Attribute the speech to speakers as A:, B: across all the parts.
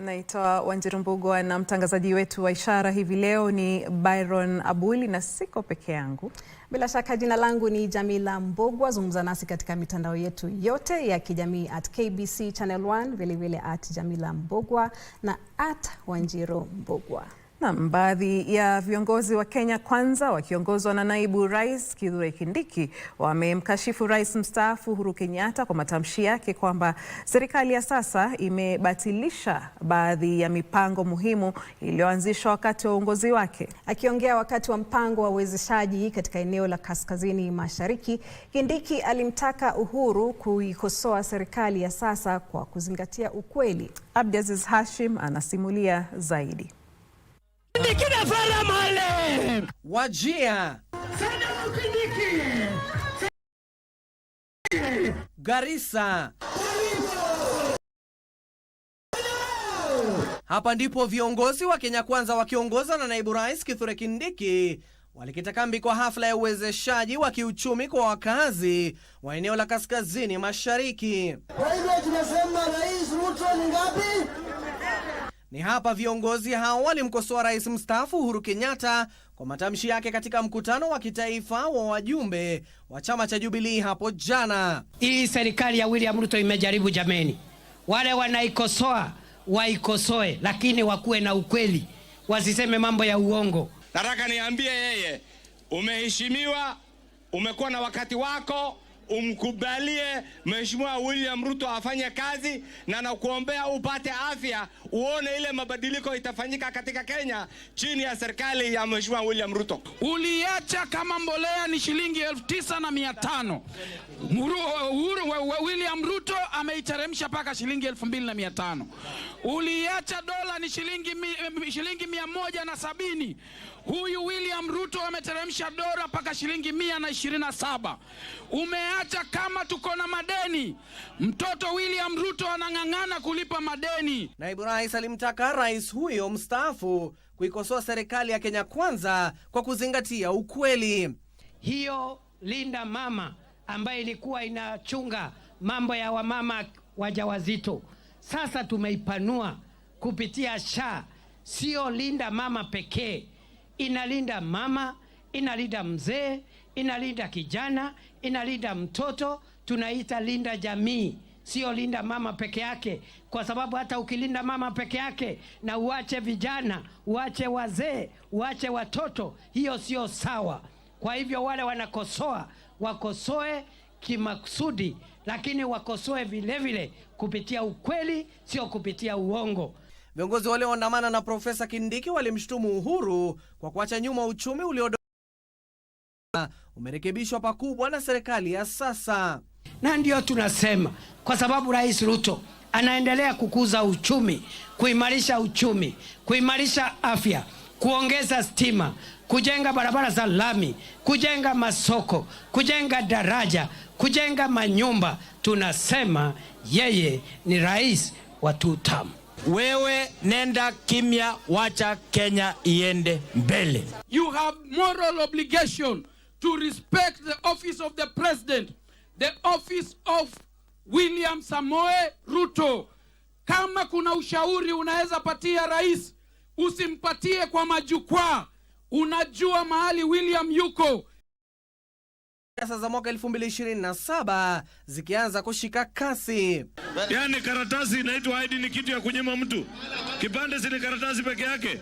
A: Naitwa Wanjiru Mbugwa na mtangazaji wetu wa ishara hivi leo ni Byron Abuli na siko peke yangu.
B: Bila shaka jina langu ni Jamila Mbugwa. Zungumza nasi katika mitandao yetu yote ya kijamii at KBC Channel 1, vilevile at Jamila Mbugwa na at Wanjiru Mbugwa.
A: Na baadhi ya viongozi wa Kenya Kwanza wakiongozwa na naibu rais Kithure Kindiki wamemkashifu rais mstaafu Uhuru Kenyatta kwa matamshi yake kwamba serikali ya sasa imebatilisha baadhi ya mipango muhimu iliyoanzishwa wakati wa uongozi wake.
B: Akiongea wakati wa mpango wa uwezeshaji katika eneo la kaskazini mashariki, Kindiki alimtaka Uhuru kuikosoa serikali ya sasa kwa kuzingatia ukweli.
A: Abdiaziz Hashim anasimulia zaidi. Burkina Faso male wajia Garissa. Hapa ndipo viongozi wa Kenya Kwanza wakiongozwa na naibu rais Kithure Kindiki walikita kambi kwa hafla ya uwezeshaji wa kiuchumi kwa wakazi wa eneo la kaskazini mashariki. Kwa hivyo tunasema Rais Ruto ni ngapi? Ni hapa viongozi hao walimkosoa rais mstaafu Uhuru Kenyatta kwa matamshi yake katika mkutano wa kitaifa wa wajumbe wa chama cha Jubilee hapo jana.
C: Hii serikali ya William Ruto imejaribu jameni, wale wanaikosoa waikosoe, lakini wakuwe na ukweli, wasiseme mambo ya uongo.
D: Nataka niambie yeye, umeheshimiwa, umekuwa na wakati wako umkubalie Mheshimiwa William Ruto afanye kazi, na nakuombea upate afya, uone ile mabadiliko itafanyika katika Kenya chini ya serikali ya Mheshimiwa William Ruto.
E: Uliacha kama mbolea ni shilingi elfu tisa na mia tano William Ruto ameiteremsha mpaka shilingi elfu mbili na mia tano Uliacha dola ni shilingi shilingi mia moja na sabini Huyu William Ruto ameteremsha dola mpaka shilingi mia na ishirini na saba hata kama tuko na madeni. Mtoto William Ruto anang'ang'ana kulipa madeni.
A: Naibu rais alimtaka rais huyo mstaafu kuikosoa serikali ya Kenya Kwanza kwa kuzingatia ukweli.
C: Hiyo Linda Mama ambaye ilikuwa inachunga mambo ya wamama wajawazito sasa tumeipanua kupitia SHA, sio Linda Mama pekee, inalinda mama inalinda mzee, inalinda kijana, inalinda mtoto. Tunaita linda jamii, sio linda mama peke yake, kwa sababu hata ukilinda mama peke yake na uache vijana, uache wazee, uache watoto, hiyo sio sawa. Kwa hivyo wale wanakosoa wakosoe kimakusudi, lakini wakosoe vile vile kupitia ukweli, sio kupitia uongo.
A: Viongozi walioandamana na Profesa Kindiki walimshutumu Uhuru kwa kuacha nyuma uchumi ulio umerekebishwa pakubwa na serikali ya sasa,
C: na ndiyo tunasema kwa sababu Rais Ruto anaendelea kukuza uchumi, kuimarisha uchumi, kuimarisha afya, kuongeza stima, kujenga barabara za lami, kujenga masoko, kujenga daraja, kujenga manyumba. Tunasema yeye ni rais wa tutam
F: Wewe nenda kimya, wacha Kenya iende mbele.
G: You have moral obligation to respect the office of the president, the office of William Samoe Ruto. Kama kuna ushauri unaweza patia rais, usimpatie kwa majukwaa. Unajua mahali William yuko.
A: Siasa za mwaka 2027 zikianza kushika kasi.
H: Yaani karatasi inaitwa ID ni kitu ya kunyima mtu kipande, si ni karatasi peke yake?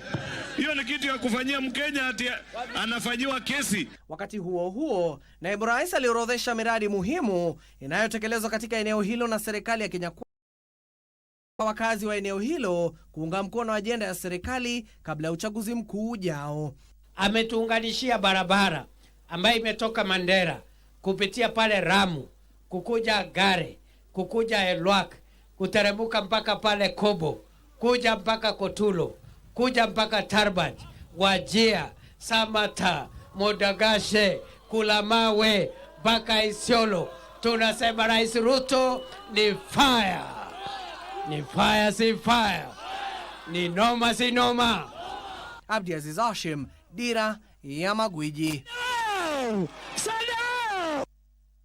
H: Hiyo ni kitu ya kufanyia Mkenya ati anafanyiwa kesi.
A: Wakati huo huo, naibu rais aliorodhesha miradi muhimu inayotekelezwa katika eneo hilo na serikali ya Kenya wakazi wa eneo hilo kuunga mkono ajenda ya serikali kabla ya uchaguzi mkuu ujao.
C: Ametuunganishia barabara ambayo imetoka Mandera kupitia pale Ramu kukuja Gare kukuja Elwak kuteremuka mpaka pale Kobo kuja mpaka Kotulo kuja mpaka Tarbat Wajia Samata Modagashe Kulamawe mpaka Isiolo. Tunasema Rais Ruto ni fire, ni fire, si fire, ni noma, si noma.
A: Abdi Aziz Hashim, Dira ya Magwiji.